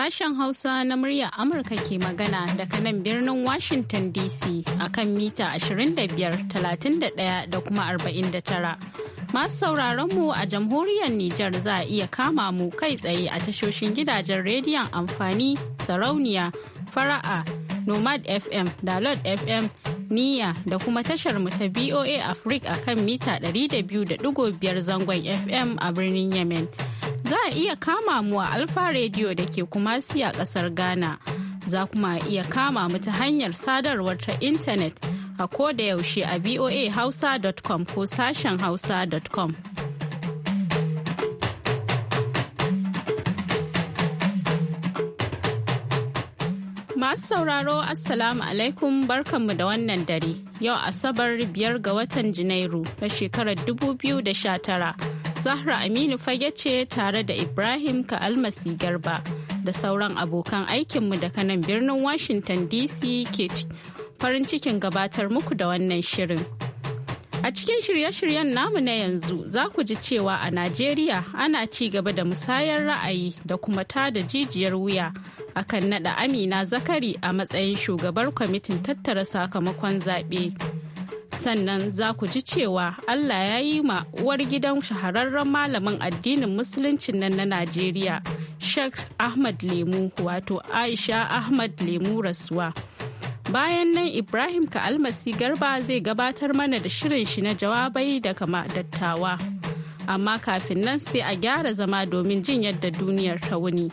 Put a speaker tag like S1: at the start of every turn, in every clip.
S1: Sashen Hausa na murya Amurka ke magana daga nan birnin Washington DC akan mita 25, 31 da kuma 49. Masu sauraron mu a jamhuriyar Nijar za a iya kama mu kai tsaye a tashoshin gidajen rediyon amfani sarauniya fara'a nomad fm dalot fm niya da kuma tashar mu ta voa africa akan mita 200.5 zangon fm a birnin yemen za a iya kama mu a Alfa Radio da ke Kumasi a ƙasar Ghana. Za kuma iya kama mu ta hanyar sadarwar ta intanet a ko da yaushe a voahausa.com ko sashen hausa.com. Masu sauraro Assalamu alaikum barkanmu da wannan dare. Yau Asabar biyar ga watan Janairu na shekarar 2019. Zahra Aminu fage ce tare da Ibrahim ka Almasi Garba da sauran abokan aikinmu daga nan birnin Washington DC ke farin cikin gabatar muku da wannan shirin. A cikin shirye-shiryen namu na yanzu za ku ji cewa a Najeriya ana ci gaba da musayar ra'ayi da kuma tada jijiyar wuya akan naɗa Amina Zakari a matsayin shugabar kwamitin tattara sakamakon zaɓe. sannan za ku ji cewa Allah ya yi ma uwar gidan shahararren malamin addinin musuluncin nan na Najeriya, Sheikh Ahmad Lemu wato Aisha Ahmad Lemu rasuwa. Bayan nan Ibrahim ka Almasi Garba zai gabatar mana da shirin shi na jawabai daga dattawa. Amma kafin nan sai a gyara zama domin jin yadda duniyar ta wuni.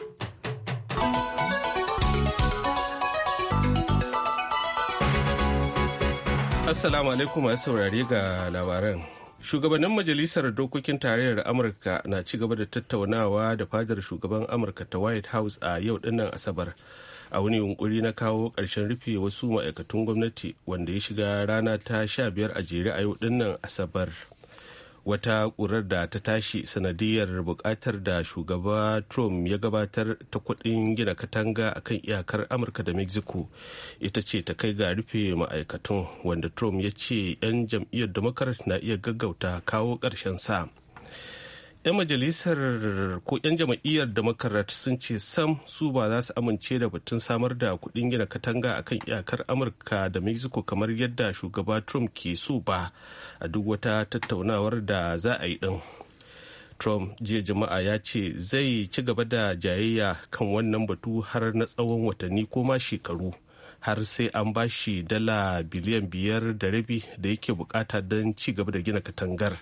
S2: Assalamu alaikum masu saurare ga labaran. Shugabannin Majalisar Dokokin Tarayyar Amurka na ci gaba da tattaunawa da fadar shugaban Amurka ta White House a yau dinnan Asabar. A wani yunkuri na kawo ƙarshen rufe wasu ma'aikatun gwamnati wanda ya shiga rana ta sha biyar a jere a yau dinnan Asabar. wata ƙurar da ta tashi sanadiyar buƙatar da shugaba trump ya gabatar ta kuɗin gina katanga a kan iyakar amurka da mexico ita ce ta kai ga rufe ma'aikatun wanda trump ya ce 'yan jam'iyyar democrat na iya gaggauta kawo ƙarshen sa. 'yan majalisar ko 'yan jam'iyyar democrat sun ce sam su ba za su amince da batun samar da kuɗin gina katanga a kan iyakar amurka da mexico kamar yadda shugaba trump ke so ba a duk wata tattaunawar da za a yi din trump jiya jama'a ya ce zai ci gaba da jayayya kan wannan batu har na tsawon watanni ko ma shekaru har sai an ba shi dala biliyan biyar da rabi da yake bukata don ci gaba da gina katangar.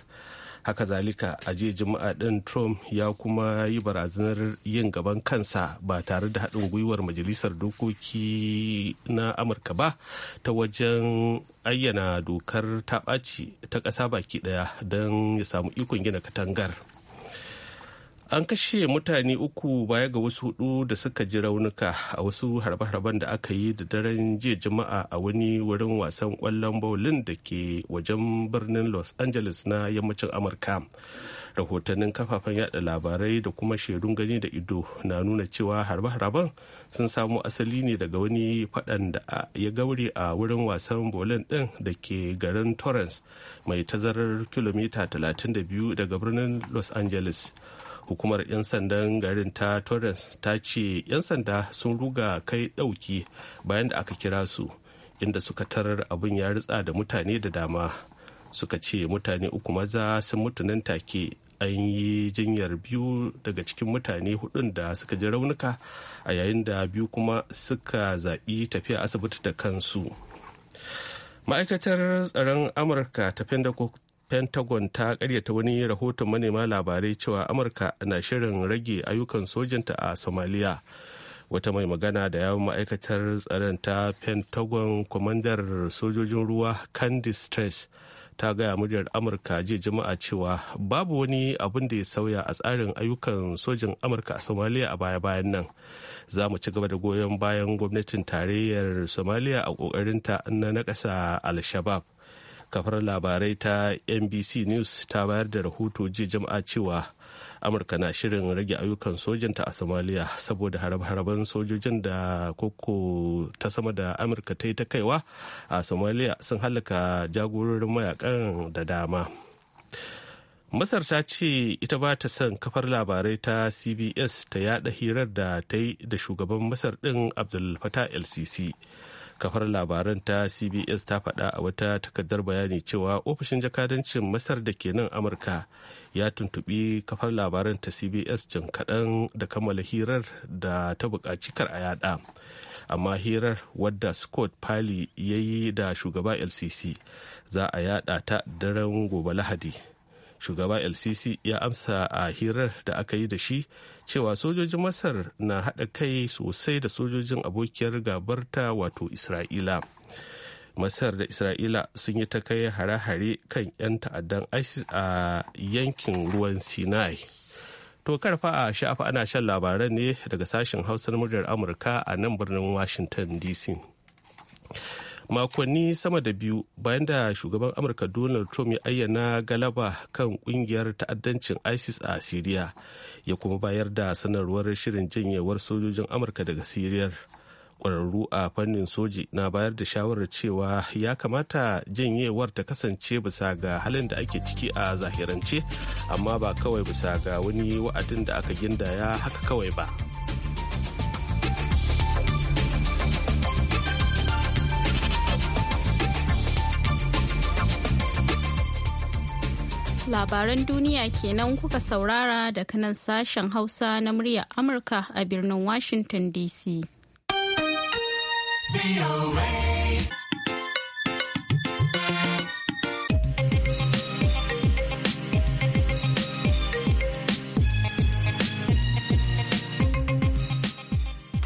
S2: haka zalika a jiya juma'a din trump ya kuma yi barazanar yin gaban kansa ba tare da haɗin gwiwar majalisar dokoki na amurka ba ta wajen ayyana dokar ta ɓaci ta ƙasa baki ɗaya don ya samu ikon gina katangar an kashe mutane uku baya ga wasu hudu da suka ji raunuka a wasu harbe-harben da aka yi da daren jiya juma'a a wani wurin wasan kwallon bowling da ke wajen birnin los angeles na yammacin amurka rahotannin kafafen yada labarai da kuma shaidun gani da ido na nuna cewa harbe-harben sun samo asali ne daga wani fadan da ya gauri a wurin wasan bolin din da ke garin torrance mai tazarar kilomita 32 daga birnin los angeles hukumar 'yan sandan garin ta torres ta ce 'yan sanda sun ruga kai ɗauki bayan da aka kira su inda suka tarar abin ya ritsa da mutane da dama suka ce mutane uku maza sun mutu nan take an yi jinyar biyu daga cikin mutane hudun da suka ji raunuka a yayin da biyu kuma suka zaɓi tafiya asibiti da kansu ma'aikatar tsaron amurka ta pentagon ta karyata wani rahoton manema labarai cewa amurka na shirin rage ayyukan sojinta a somaliya wata mai magana da yawon ma'aikatar tsaron ta pentagon kwamandar sojojin ruwa candice stress ta gaya muryar amurka jiya jama'a cewa babu wani abin da ya sauya a tsarin ayyukan sojin amurka a somaliya a baya-bayan nan za mu ci gaba da goyon bayan gwamnatin tarayyar somaliya a ƙoƙarinta na nakasa al-shabab kafar labarai ta nbc news ta bayar da rahoto jiya jama'a cewa amurka na shirin rage ayyukan sojanta a somalia saboda harab sojojin da koko ta sama da amurka ta yi ta kaiwa a somalia sun halaka jagororin mayakan da dama masar ta ce ita ba ta son kafar labarai ta cbs ta yada hirar da ta yi da shugaban masar din abdul fatah lcc kafar labaran ta cbs ta faɗa a wata takardar bayani cewa ofishin jakadancin masar da ke nan amurka ya tuntubi kafar labaran ta cbs jin kaɗan da kammala hirar da ta buƙaci kar a yada amma hirar wadda scott pali ya yi da shugaba lcc za a yada ta daren gobe lahadi shugaba lcc ya amsa a hirar da aka yi da shi cewa sojojin masar na haɗa kai sosai da sojojin abokiyar gabarta wato isra'ila masar da isra'ila sun yi ta kai hare-hare kan 'yan ta'addan isis a yankin ruwan sinai to karfa a sha'afa ana shan labaran ne daga sashen hausar muryar amurka a nan birnin washington dc makonni sama da biyu bayan da shugaban amurka donald trump ya ayyana galaba kan kungiyar ta'addancin isis a siriya ya kuma bayar da sanarwar shirin janyewar sojojin amurka daga siriyar ƙwararru a fannin soji na bayar da shawarar cewa ya kamata janyewar ta kasance bisa ga halin da ake ciki a zahirance amma ba kawai bisa ga wani wa'adin da aka gindaya haka kawai ba.
S1: labaran duniya kenan kuka saurara daga nan sashen hausa na murya amurka a birnin washington dc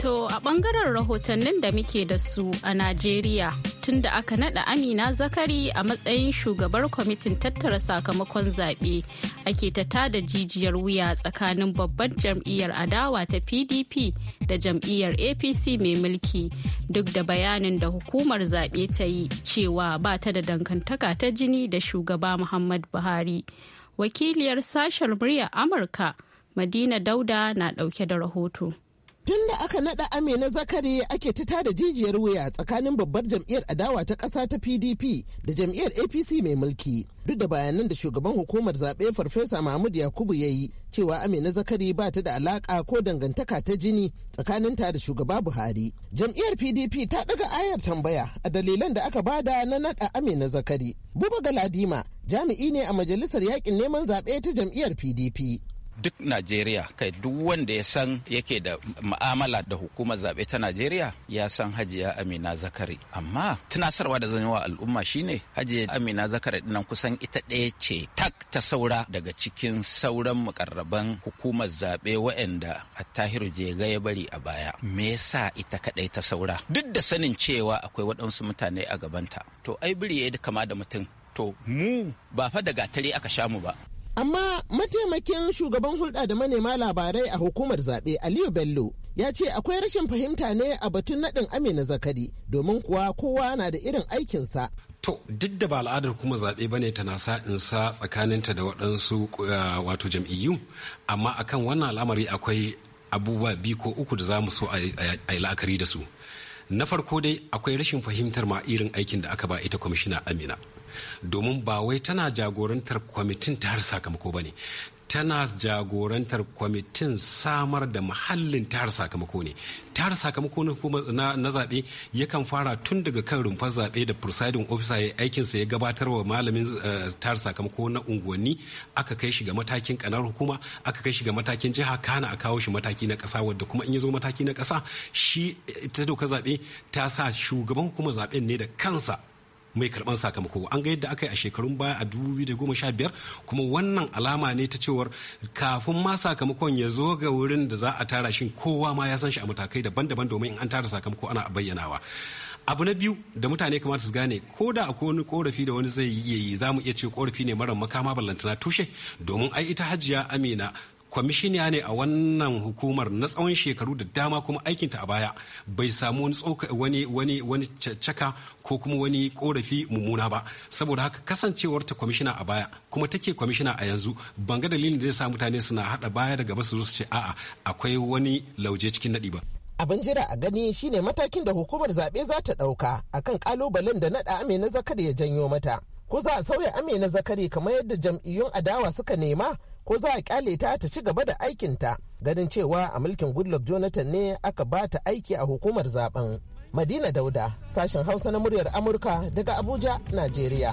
S1: To a ɓangaren rahotannin da muke da su a Najeriya tun da aka nada Amina Zakari a matsayin shugabar kwamitin tattara sakamakon zaɓe ake ta tada jijiyar wuya tsakanin babban jam'iyyar adawa ta PDP da jam'iyyar APC mai mulki duk da bayanin da hukumar zaɓe ta yi cewa ba ta da dangantaka ta jini da shugaba Muhammad Buhari. Wakiliyar sashen murya Amurka Madina Dauda na ɗauke da rahoto.
S3: Tun da aka naɗa Amina Zakari ake ta tada jijiyar wuya tsakanin babbar jam'iyyar adawa ta ƙasa ta PDP da jam'iyyar APC mai mulki. Duk da bayanan da shugaban hukumar zaɓe Farfesa Mahmud Yakubu ya yi cewa Amina Zakari ba ta da alaƙa ko dangantaka ta jini tsakanin ta da shugaba Buhari. Jam'iyyar PDP ta ɗaga ayar tambaya a dalilan da aka bada na naɗa Amina Zakari. Buba Galadima jami'i ne a majalisar yaƙin neman zaɓe ta jam'iyyar PDP. duk najeriya kai duk wanda ya san yake da ma'amala da hukumar zaɓe ta najeriya ya san hajiya amina zakari amma tunasarwa da zan yi wa al'umma shine hajiya amina zakari dinan kusan ita ɗaya ce tak ta saura daga cikin sauran mukarraban hukumar zaɓe waɗanda attahiru jega ya bari a baya me yasa ita kaɗai ta saura duk da sanin cewa akwai waɗansu mutane a gabanta to ai biri ya kama da mutum to mu ba fa da gatari aka sha mu ba Amma mataimakin shugaban hulɗa da manema labarai a hukumar zaɓe Aliyu Bello ya ce akwai rashin fahimta ne a batun naɗin Amina Zakari domin kuwa kowa na da irin aikinsa. To
S4: duk da ba al'adar kuma zaɓe bane tana sa in sa tsakaninta da waɗansu eh, wato jam'iyyu amma akan wannan al'amari akwai abubuwa biyu ko uku da za mu so a yi la'akari da su. Na farko dai akwai rashin fahimtar ma irin aikin da aka ba ita kwamishina Amina. domin ba wai tana jagorantar kwamitin ta har sakamako ba ne tana jagorantar kwamitin samar da muhallin har sakamako ne har sakamako na zaɓe yakan fara tun daga kan rumfar zaɓe da presiding officer ya aikinsa ya gabatar wa malamin eh, har sakamako na unguwanni aka kai shi ga matakin kanar hukuma aka kai shi ga matakin jiha kana a kawo shi mataki na ƙasa wadda kuma in ya zo mataki na ƙasa shi ta doka zaɓe ta sa shugaban hukumar zaɓen ne da kansa mai karban sakamako an ga yadda aka yi a shekarun baya a 2015 kuma wannan alama ne ta cewar kafin ma sakamakon ya zo ga wurin da za a tara shi kowa ma ya san shi a matakai daban-daban domin in an tara sakamako ana bayyanawa abu na biyu da mutane kamata su gane ko da akwai wani korafi da wani zai yi za mu iya ce korafi ne mara makama ballantana tushe domin ai ita hajiya amina kwamishiniya ne a wannan hukumar na tsawon shekaru da dama kuma aikinta a baya bai samu wani tsoka wani wani caka ko kuma wani korafi mummuna ba saboda haka kasancewar ta kwamishina a baya kuma take kwamishina a yanzu ban ga dalilin da zai sa mutane suna hada baya daga gaba su zo su ce a'a akwai wani lauje cikin nadi ba
S3: abin jira a gani shine matakin da hukumar zaɓe za ta ɗauka akan ƙalubalen da naɗa amina zakari ya janyo mata ko za a sauya amina zakari kamar yadda jam'iyyun adawa suka nema ko za a kyale ta ta ci gaba da aikinta ganin cewa a mulkin goodluck jonathan ne aka ba ta aiki a hukumar zaben madina dauda sashen hausa na muryar amurka daga abuja najeriya.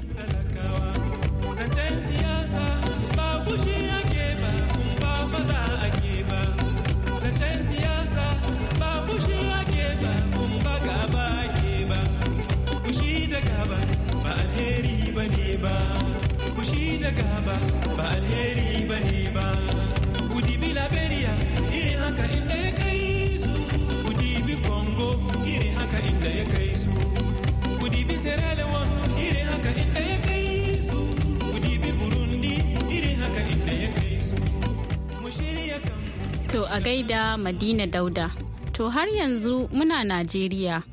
S1: gaida Madina Dauda. To har yanzu muna Najeriya.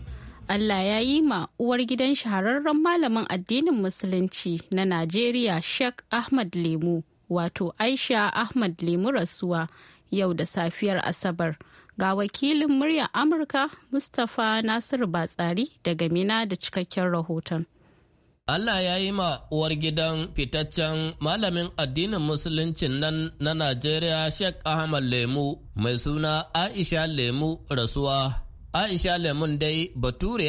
S1: Allah ya yi ma uwar gidan shahararren malamin addinin Musulunci na Najeriya Sheikh Ahmad Lemu, wato Aisha Ahmad Lemu rasuwa yau da safiyar Asabar. Ga wakilin muryar Amurka Mustapha Nasiru Batsari daga Mina da cikakken rahoton.
S5: Allah ya yi ma uwar gidan fitaccen malamin addinin musuluncin nan na Najeriya Sheikh Ahmad Lemu mai suna Aisha Lemu rasuwa. Aisha Lemun dai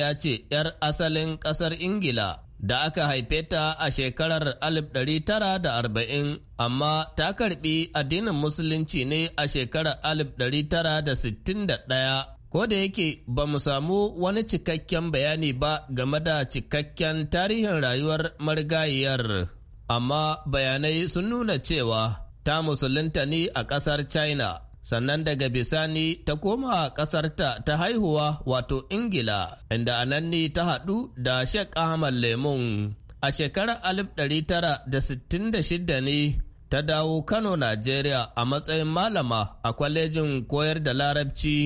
S5: ya ce 'yar asalin ƙasar Ingila da aka haife ta a shekarar 1940 amma ta karbi addinin musulunci ne a shekarar 1961 Ko da yake ba mu samu wani cikakken bayani ba game da cikakken tarihin rayuwar marigayiyar, amma bayanai sun nuna cewa ta musulunta ne a ƙasar China. sannan daga bisani ta koma ƙasarta ta haihuwa wato ingila inda anan ne ta haɗu da sheikh ahmad lemun a shekarar 1966 ne ta dawo kano najeriya a matsayin malama a kwalejin koyar da larabci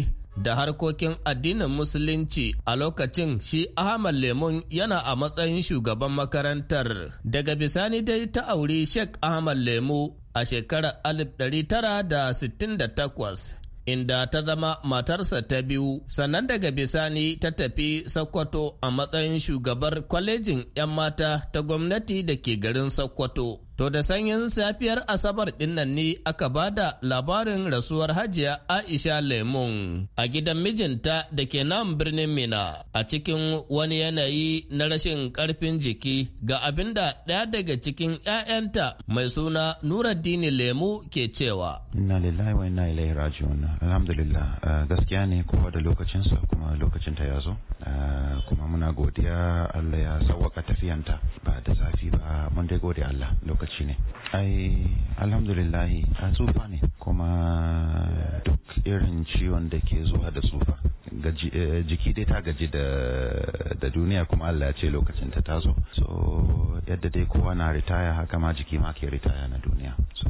S5: da harkokin addinin musulunci a lokacin shi Ahmad Lemun yana a matsayin shugaban makarantar. Daga bisani dai ta auri Sheikh Ahmad Lemu a shekarar alif tara da da sittin takwas, inda ta zama matarsa ta biyu sannan daga bisani ta tafi sokoto a matsayin shugabar kwalejin 'yan mata ta gwamnati da ke garin sokoto To da sanyin safiyar Asabar ɗinnan ne aka ba da labarin rasuwar Hajiya Aisha Lemun a gidan mijinta da ke nan birnin Mina a cikin wani yanayi na rashin ƙarfin jiki ga abinda da ɗaya daga cikin 'ya'yanta mai suna Nuraddini Lemu ke cewa.
S3: Inna lillahi wa inna ilaihi
S6: raji'un. Alhamdulillah eh, gaskiya ne kowa da lokacin sa kuma ta ya zo. Eh,
S3: kuma muna godiya Allah ya sawwaka tafiyanta ba da zafi ba mun dai gode Allah lokacin lokaci ne
S6: ai alhamdulillahi a tsufa ne kuma
S3: duk irin ciwon da ke zuwa da tsufa eh, jiki dai ta gaji da duniya kuma Allah ya ce lokacin ta tazo so yadda dai kowa na ritaya haka ma jiki ma ke ritaya na duniya so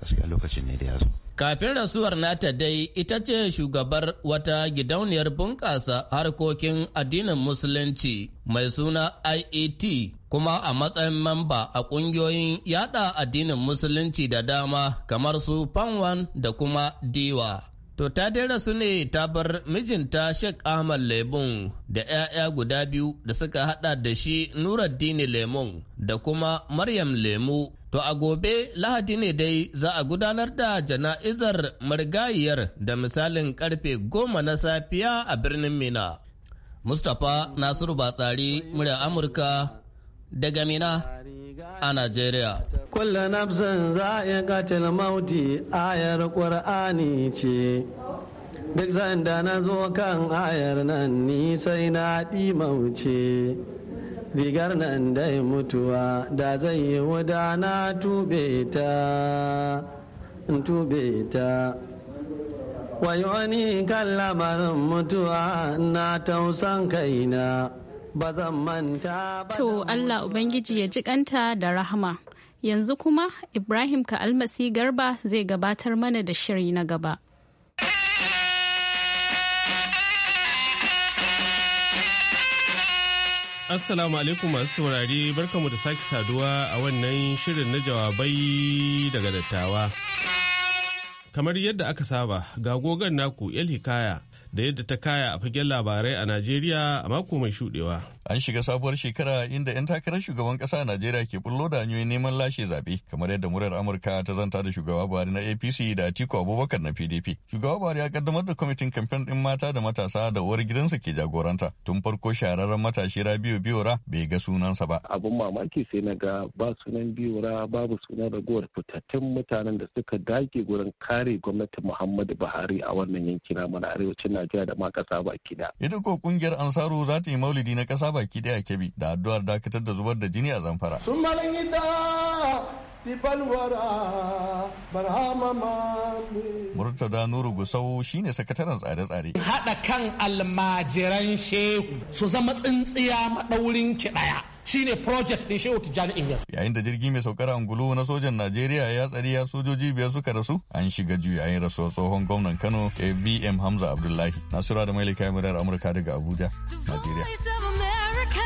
S3: gaskiya lokacin ne da ya zo
S5: kafin rasuwar nata dai ita ce shugabar wata gidauniyar bunƙasa harkokin addinin musulunci mai suna iet kuma a matsayin mamba a ƙungiyoyin yada addinin musulunci da dama kamar su Panwan da kuma Diwa. To ta dera su ne ta bar mijinta Sheikh Ahmad Lemun da 'ya'ya guda biyu da suka hada da shi Nuraddini Lemun da kuma Maryam Lemu. To a gobe lahadi ne dai za a gudanar da jana'izar marigayiyar da misalin karfe goma na safiya a birnin Mina. Mustapha Nasiru Batsari, murya Amurka daga Mina a Najeriya. Kullum nafsin za'a katil mauti ayar ƙwar'ani ce, duk sanda na zo kan ayar nan ni sai na ɗi mauce. Rigar nan dai mutuwa da zai yi wuda na tube ta, tube ta. wani kan lamarin mutuwa na tausan kaina. ba zan manta
S1: ba. To Allah Ubangiji ya ji jikanta da rahama. Yanzu kuma Ibrahim ka almasi garba zai gabatar mana da shiri na gaba.
S2: Assalamu alaikum masu saurari barkamu da sake saduwa a wannan shirin na jawabai daga dattawa. Kamar yadda aka saba, ga gogon naku El Hikaya da yadda ta kaya a fagen labarai a Najeriya a mako
S7: mai shudewa. An shiga sabuwar shekara inda 'yan takarar shugaban ƙasa a Najeriya ke bullo da hanyoyin neman lashe zaɓe kamar yadda murar Amurka ta zanta da shugaba Buhari na APC da Atiku Abubakar na PDP. Shugaba Buhari ya kaddamar da kwamitin kamfen ɗin mata da matasa da uwar gidansa ke jagoranta tun farko shahararren matashi biyu Biyora bai ga sunansa ba. Abun mamaki sai na ga ba sunan
S8: Biyora
S6: babu sunan ragowar fitattun mutanen da suka dage gurin kare gwamnatin Muhammadu Buhari a wannan yankin na arewacin Najeriya da ma ƙasa baki da.
S7: Ita ko ƙungiyar Ansaru za ta yi maulidi na ƙasa ƙasa baki ɗaya kebi da addu'ar dakatar da zubar da jini a zamfara. Sun Murtada Nuru Gusau shine sakataren tsare-tsare. Haɗa kan almajiran shehu su zama tsintsiya maɗaurin kiɗaya. shine project din shehu tijjani inyas yayin da jirgi mai saukar angulu na sojan najeriya ya tsari ya sojoji biyar suka rasu an shiga juyayin rasuwar tsohon gwamnan kano abm hamza abdullahi sura da mailika murar amurka daga abuja
S5: najeriya To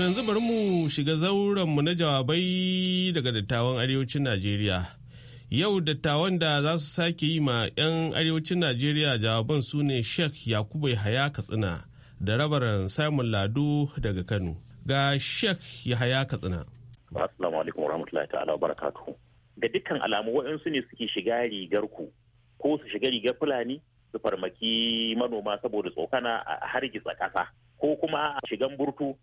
S2: yanzu bari mu shiga zaurenmu na jawabai daga dattawan arewacin Najeriya. Yau dattawan da za su sake yi ma 'yan arewacin Najeriya jawaban su ne Sheikh Yakubu Yahaya Katsina da rabaran Simon Lado daga Kano. Ga Sheikh Yahaya Katsina.
S6: Assalamu alaikum rahmatullahi ta'ala wa barakatuhu. Ga dukkan alamu waɗansu ne suke shiga rigar ku ko su shiga rigar fulani su farmaki manoma saboda tsokana a hargitsa kasa ko kuma a shigan burtu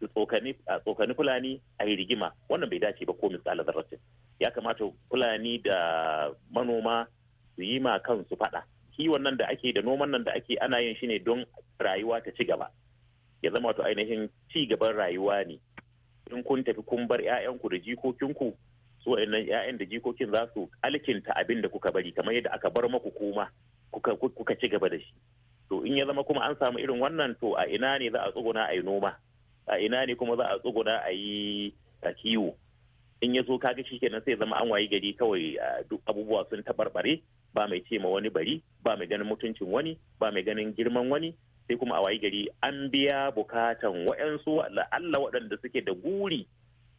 S6: su tsokani fulani a yi rigima wannan bai dace ba ko misali zarratin ya kamata fulani da manoma su yi ma kan su faɗa kiwon nan da ake da noman nan da ake ana yin shi ne don rayuwa ta ci gaba ya zama to ainihin ci gaban rayuwa ne in kun tafi kun bar 'ya'yanku da jikokinku su waɗannan 'ya'yan da jikokin za su alkinta abin da kuka bari kamar yadda aka bar maku kuma kuka ci gaba da shi to in ya zama kuma an samu irin wannan to a ina ne za a tsuguna a yi noma a ina ne kuma za a tsuguna a yi kiwo in ya zo kaga shi kenan sai zama an wayi gari kawai duk abubuwa sun taɓarɓare ba mai ce ma wani bari ba mai ganin mutuncin wani ba mai ganin girman wani sai kuma a wayi gari an biya bukatan wa'yansu Allah waɗanda suke da guri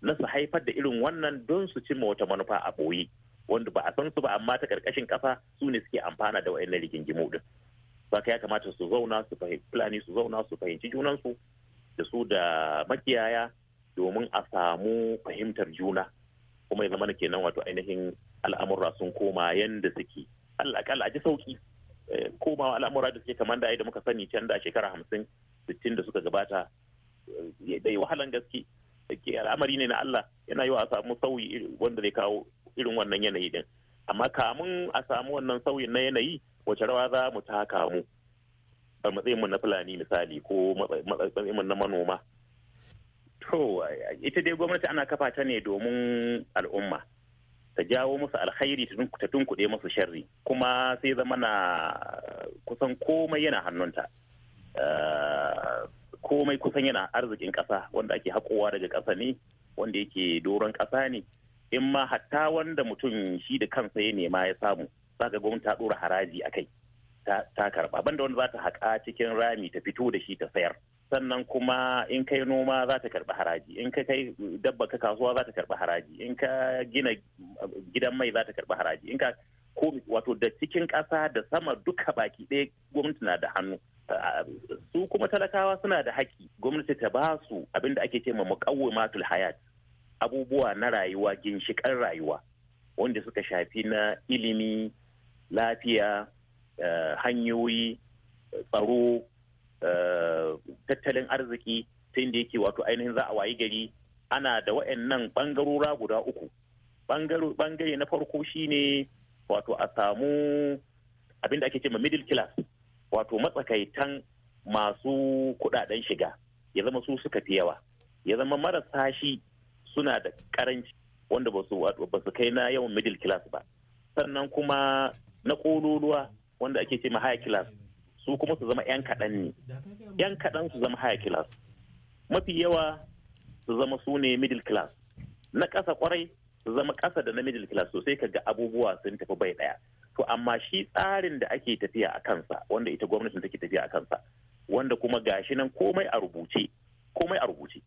S6: na su haifar da irin wannan don su cimma wata manufa a ɓoye wanda ba a san su ba amma ta ƙarƙashin ƙasa su ne suke amfana da wa'annan rigingimu din saka ya kamata su zauna su fahimci fulani su zauna su fahimci junansu da su da makiyaya domin a samu fahimtar juna kuma ya zama na kenan wato ainihin al'amura sun koma yanda suke alakal a ji sauki eh, komawa al'amura da suke kamar da da muka sani can da shekara hamsin sittin da suka gabata eh, da wahalan gaske ke al'amari ne na Allah yana yi wa a samu sauyi wanda zai kawo irin wannan yanayi din amma kamun a samu wannan sauyin na yanayi wace rawa za mu taka mu a matsayinmu na fulani misali ko matsayinmu na manoma to ita dai gwamnati ana kafa ta ne domin al'umma ta jawo musu alkhairi ta tunkuɗe musu sharri kuma sai zama na kusan komai yana hannunta ah, komai kusan yana arzikin ƙasa wanda ake haƙowa daga ƙasa ne wanda yake doron ƙasa ne in ma hatta wanda mutum shi da kansa ya nema ya samu zaka gwamnati ta ɗora haraji a kai ta karɓa banda wanda za ta haƙa cikin rami ta fito da shi ta sayar sannan kuma in kai noma za ta karɓi haraji in ka kai dabba ka kasuwa za ta karɓi haraji in ka gina eh, gidan mai za ta karɓi haraji in ka ko wato da cikin ƙasa da sama duka baki ɗaya gwamnati na da hannu su kuma talakawa suna da haƙƙi gwamnati ta ba su abin da ake ce ma matul hayat abubuwa na rayuwa ginshiƙan rayuwa wanda suka shafi na ilimi lafiya eh, hanyoyi tsaro eh, tattalin arziki ta da yake wato ainihin za a wayi gari ana da wa'annan ɓangarora guda uku ɓangare na farko shine wato a samu abin da ake ce ma middle class wato matsakaitan masu kudaden shiga ya zama su suka fi yawa ya zama marasa shi suna da karanci wanda ba su kai na yawan middle class ba sannan kuma na kololuwa wanda ake ce ma high class su kuma su zama 'yan kaɗan ne 'yan kaɗan su zama high class mafi yawa su zama su ne middle class na ƙasa kwarai su zama ƙasa da na middle class sosai kaga abubuwa sun tafi bai ɗaya to amma shi tsarin da ake tafiya a kansa wanda ita gwamnatin take tafiya a kansa wanda kuma gashi nan komai a rubuce komai a rubuce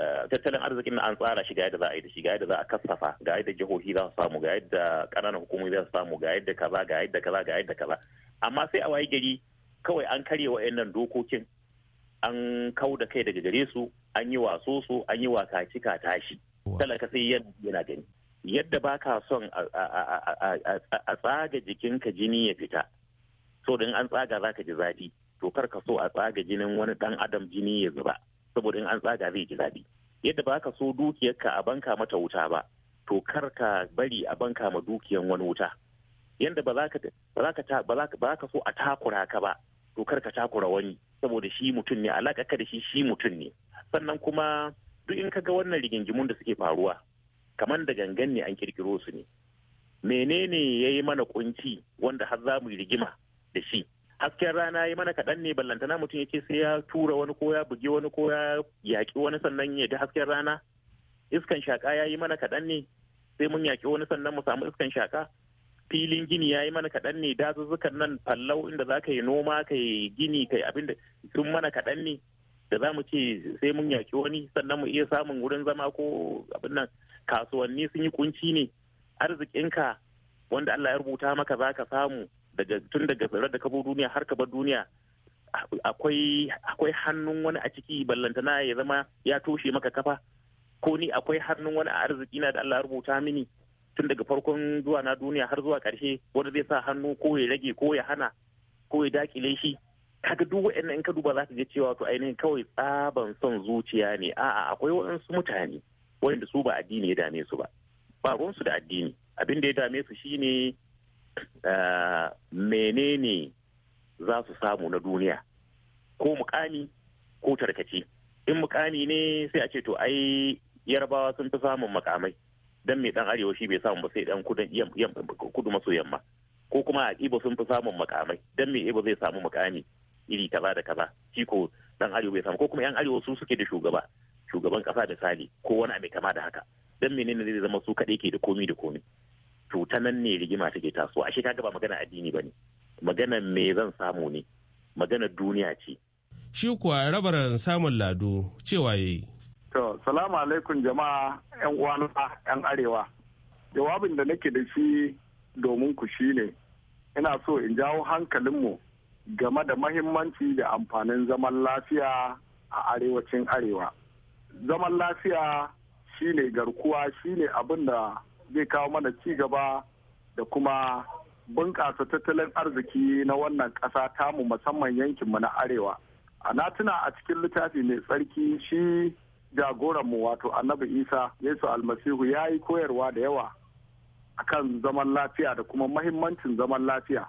S6: eh, tattalin arzikin an tsara shi ga yadda za a yi da shi ga yadda za a kassafa ga yadda jihohi za su samu ga yadda kananan hukumomi za su samu ga yadda kaza ga yadda kaza ga yadda kaza amma sai a waye gari kawai an karya wa'annan dokokin an kau da kai daga gare su an yi waso su an yi wakaci ka tashi talaka sai yana gani yadda ba ka son a tsaga jikinka jini ya fita so in an tsaga za ka ji zafi to kar ka so a tsaga jinin wani dan adam jini ya zuba saboda in an tsaga zai ji zafi yadda ba ka so dukiyarka a banka mata wuta ba to kar ka bari a banka ma dukiyan wani wuta yadda ba za ka so a takura ka ba to kar ka takura wani saboda shi mutum ne alaƙa ka da shi shi mutum ne sannan kuma duk in ka ga wannan rigingimun da suke faruwa kamar da gangan ne an kirkiro su ne menene ya yi mana kunci wanda har za mu yi rigima da shi hasken rana ya yi mana kaɗan ne ballantana mutum ya ce sai ya tura wani ko ya bugi wani ko ya yaƙi wani sannan ya da hasken rana iskan shaƙa ya yi mana kaɗan ne sai mun yaƙi wani sannan mu samu iskan shaƙa filin gini ya yi mana kaɗan ne dazuzzukan nan fallau inda za ka yi noma ka yi gini ka yi abin da sun mana kaɗan ne da za mu ce sai mun yaƙi wani sannan mu iya samun wurin zama ko abin nan kasuwanni sun yi kunci ne arzikinka wanda Allah ya rubuta maka za ka samu daga tun daga tsirar da kabo duniya har ka bar duniya akwai hannun wani a ciki ballantana ya zama ya toshe maka kafa ko ni akwai hannun wani a arziki na da Allah ya rubuta mini tun daga farkon zuwa na duniya har zuwa karshe wanda zai sa hannu ko ya rage ko ya hana ko ya dakile shi kaga duk wa'annan in ka duba za ka je cewa to ainihin kawai tsaban son zuciya ne a'a akwai waɗansu mutane wanda su ba addini ya dame su ba ba ruwansu da addini abin da ya dame su shine eh, menene za su samu na duniya ko mukami ko tarkace in mukami ne sai a ce to ai yarbawa sun fi samun makamai dan mai dan arewa shi bai samu ba sai dan kudu maso yamma ko kuma a ibo sun fi samun makamai dan mai ibo zai samu mukami iri kaza da kaza shi ko dan arewa bai samu ko kuma yan arewa su suke da shugaba shugaban kasa da sali ko wani abu kama da haka dan menene zai zama su kaɗai ke da komi da komi to ta nan ne rigima take taso ashe kaga ba magana addini bane magana me zan samu ne magana duniya ce
S2: shi kuwa rabaran samun lado cewa yayi
S6: to salamu alaikum jama'a yan uwana
S8: yan arewa jawabin da nake da shi domin ku shine ina so in jawo hankalinmu game da mahimmanci da amfanin zaman lafiya a arewacin arewa zaman lafiya shine garkuwa shine abin da zai kawo mana ci gaba da kuma bunƙasa tattalin arziki na wannan ƙasa tamu musamman yankinmu na arewa a na tuna a cikin littafi mai tsarki shi jagoranmu wato annabi isa yesu almasihu ya yi koyarwa da yawa akan zaman lafiya da kuma mahimmancin zaman lafiya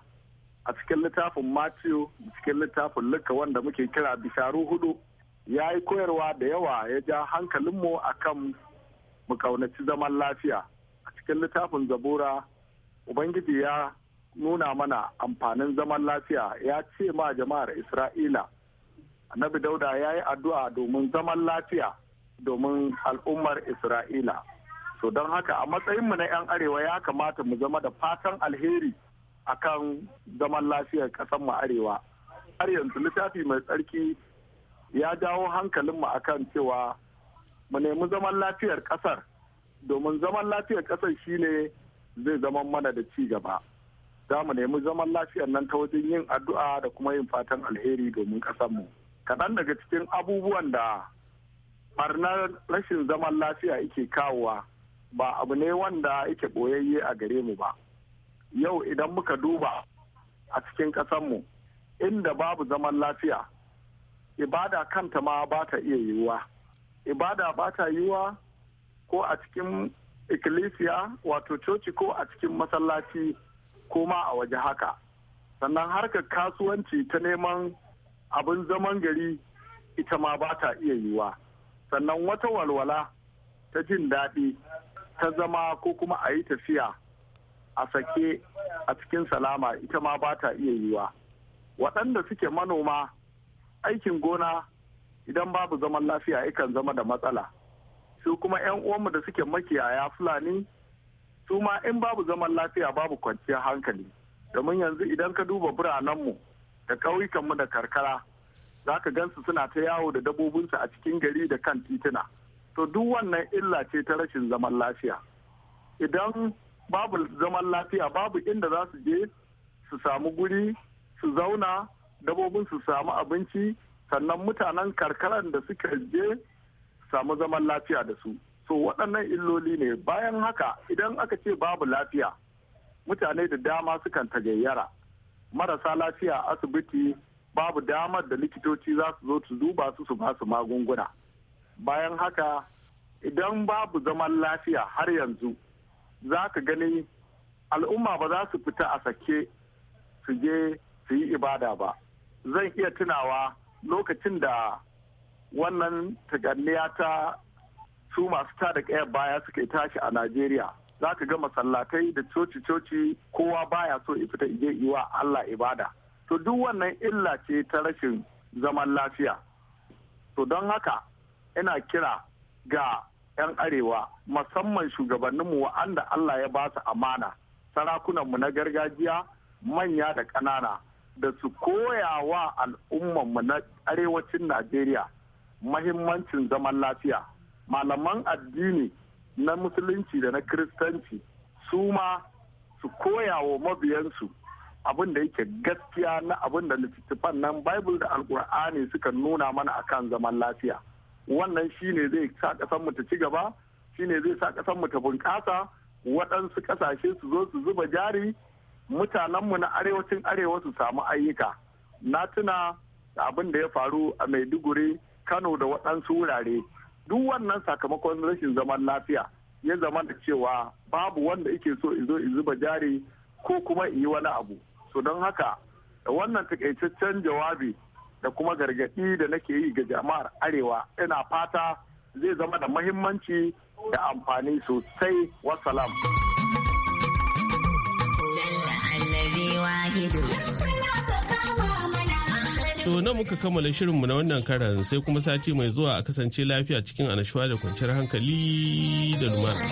S8: a cikin littafin matthew cikin littafin lukka wanda muke kira bisharu hudu ya yi koyarwa da yawa ya ja hankalinmu a kan mu kaunaci zaman lafiya a cikin littafin zabura ubangiji ya nuna mana amfanin zaman lafiya ya ce ma jama'ar isra'ila annabi dauda ya yi addu'a domin zaman lafiya domin al'ummar isra'ila to don haka a matsayinmu na 'yan arewa ya kamata mu zama da fatan alheri akan zaman lafiyar ƙasar mu arewa har yanzu littafi mai tsarki ya jawo hankalinmu a kan cewa mu nemi zaman lafiyar kasar domin zaman lafiyar kasar shine zai zama mana da ci gaba za mu nemi zaman lafiyar nan ta wajen yin addu'a da kuma yin fatan alheri domin kasanmu kaɗan daga cikin abubuwan da barnar rashin zaman lafiya yake kawowa ba abu ne wanda yake ɓoyayye a gare mu ba yau idan muka duba a cikin ƙasanmu inda babu zaman lafiya ibada kanta ma ba ta iya yiwuwa ibada ba ta yiwuwa ko a cikin ikkilisiya wato coci ko a cikin masallaci ko ma a waje haka sannan harkar kasuwanci ta neman abin zaman gari ita ma ba ta iya yiwuwa sannan wata walwala ta jin daɗi ta zama ko kuma a yi tafiya a sake a cikin salama ita ma ba ta iya yiwa waɗanda suke manoma aikin gona idan babu zaman lafiya ikan zama da matsala su kuma 'yan uwanmu da suke makiyaya fulani su ma in babu zaman lafiya babu kwanciyar hankali domin yanzu idan ka duba biranenmu da ƙauyukanmu da karkara za ka gansu suna ta yawo da dabobinsu a cikin gari da kan tituna to duk wannan illa ce ta rashin zaman lafiya idan babu zaman lafiya babu inda za su je su samu guri su zauna dabobin su samu abinci sannan mutanen karkaran da suka je samu zaman lafiya da su so waɗannan illoli ne bayan haka idan aka ce babu lafiya mutane da dama sukan tagayyara marasa lafiya asibiti babu damar da likitoci za su zo su duba su su basu magunguna bayan haka idan babu zaman lafiya har yanzu za ka gani al'umma ba za su fita a sake su je su yi ibada ba zan iya tunawa lokacin da wannan taganniya ta su masu tada kayar baya suka tashi a najeriya za ka ga masallatai da coci-coci kowa baya so ya fita ije iwa allah ibada to duk wannan illa ce ta rashin zaman lafiya to don haka ina kira ga 'yan arewa musamman shugabanninmu wa'anda allah ya ba su amana sarakunanmu na gargajiya manya da ƙanana da su koya wa al'ummanmu na arewacin najeriya mahimmancin zaman lafiya malaman addini na musulunci da na kiristanci su ma su koya wa mabiyansu abin da yake gaskiya na abin da littattafan nan bible da alkur'ani suka nuna mana akan zaman lafiya wannan shine zai sa ƙasar ta ci gaba shine zai sa ƙasar ta bunƙasa waɗansu ƙasashe su zo su zuba jari mutanenmu na arewacin arewa su samu ayyuka na tuna abin da ya faru a maiduguri kano da waɗansu wurare duk wannan sakamakon rashin zaman lafiya ya zama da cewa babu wanda yake so in zo in zuba jari ko kuma in yi wani abu so don haka da wannan takaitaccen jawabi da kuma gargaɗi da nake yi ga jama'ar arewa ina fata zai zama da mahimmanci da amfani sosai wasalam.
S5: To
S2: nan muka kammala shirinmu na wannan karan sai kuma sati mai zuwa a kasance lafiya cikin anashuwa da kwanciyar hankali da lumana.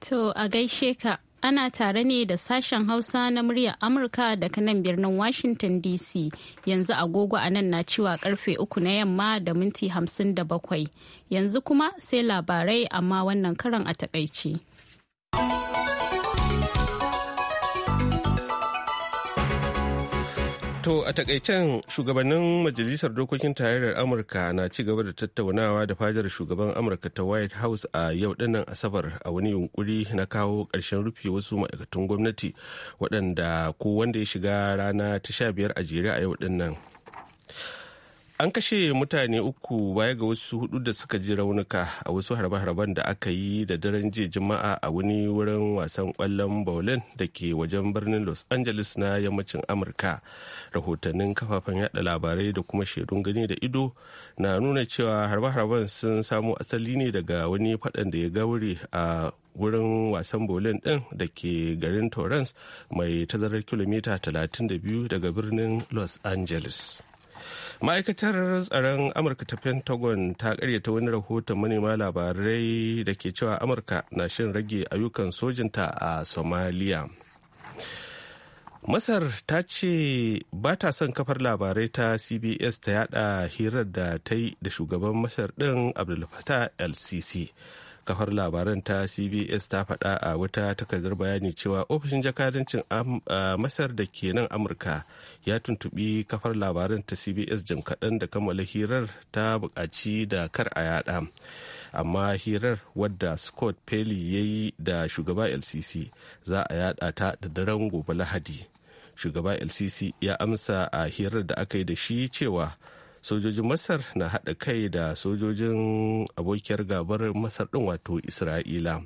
S1: To a gaishe ka. Ana tare ne da sashen Hausa na muryar Amurka daga nan birnin Washington DC yanzu agogo a nan na cewa karfe uku na yamma da minti hamsin da bakwai. Yanzu kuma sai labarai amma wannan karan a takaice.
S2: To a takaicen shugabannin majalisar dokokin tarayyar Amurka na ci gaba da tattaunawa da fadar shugaban Amurka ta White House a yau dinnan Asabar a wani yunkuri na kawo ƙarshen rufe wasu ma'aikatan gwamnati waɗanda ko wanda ya shiga rana ta sha biyar a jere a yau dinnan. an kashe mutane uku baya ga wasu hudu da suka ji raunuka a wasu harbe-harben da aka yi da daren jiya juma'a a wani wurin wasan kwallon bowling da ke wajen birnin los angeles na yammacin amurka rahotannin kafafen yada labarai da kuma shaidun gani da ido na nuna cewa harbe-harben sun samo asali ne daga wani fadan da ya gauri a wurin wasan berlin din da ke garin torrance mai tazarar kilomita 32 daga birnin los angeles ma'aikatar tsaron amurka ta pentagon ta karyata wani rahoton manema labarai da ke cewa amurka na shin rage ayyukan sojinta a somaliya masar ta ce ba ta son kafar labarai ta cbs ta yada hirar da ta yi da shugaban masar din abdulfata LCC. kafar labaran ta cbs ta faɗa a wata takardar bayani cewa ofishin jakadancin masar da ke nan amurka ya tuntubi kafar labaran ta cbs jim kaɗan da kammala hirar ta buƙaci da kar a yaɗa amma hirar wadda scott pelley ya yi da shugaba lcc za a yaɗa ta da daren gobe lahadi shugaba lcc ya amsa a hirar da aka yi da shi cewa sojojin masar na haɗa kai da sojojin abokiyar gabar masar ɗin wato isra'ila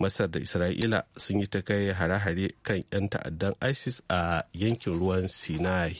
S2: masar da isra'ila sun yi ta kai hare-hare kan 'yan ta'addan isis a yankin ruwan sinai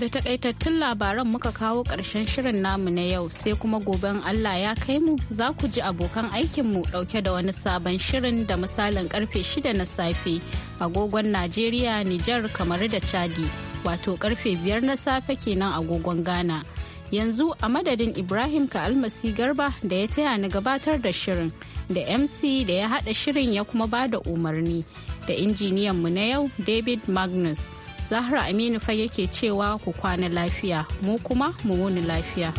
S1: da takaitattun labaran muka kawo ƙarshen shirin namu na yau sai kuma goben Allah ya kai mu za ku ji abokan aikinmu ɗauke da wani sabon shirin da misalin karfe shida na safe agogon Najeriya, Nijar, kamar da Chadi wato karfe 5 na safe kenan agogon Ghana. Yanzu a madadin Ibrahim ka almasi garba da ya taya ni gabatar da shirin da MC da ya haɗa shirin ya kuma ba da umarni da injiniyan mu na yau David Magnus. Zahra Aminu fa yake cewa ku kwana lafiya, mu kuma mu wuni lafiya.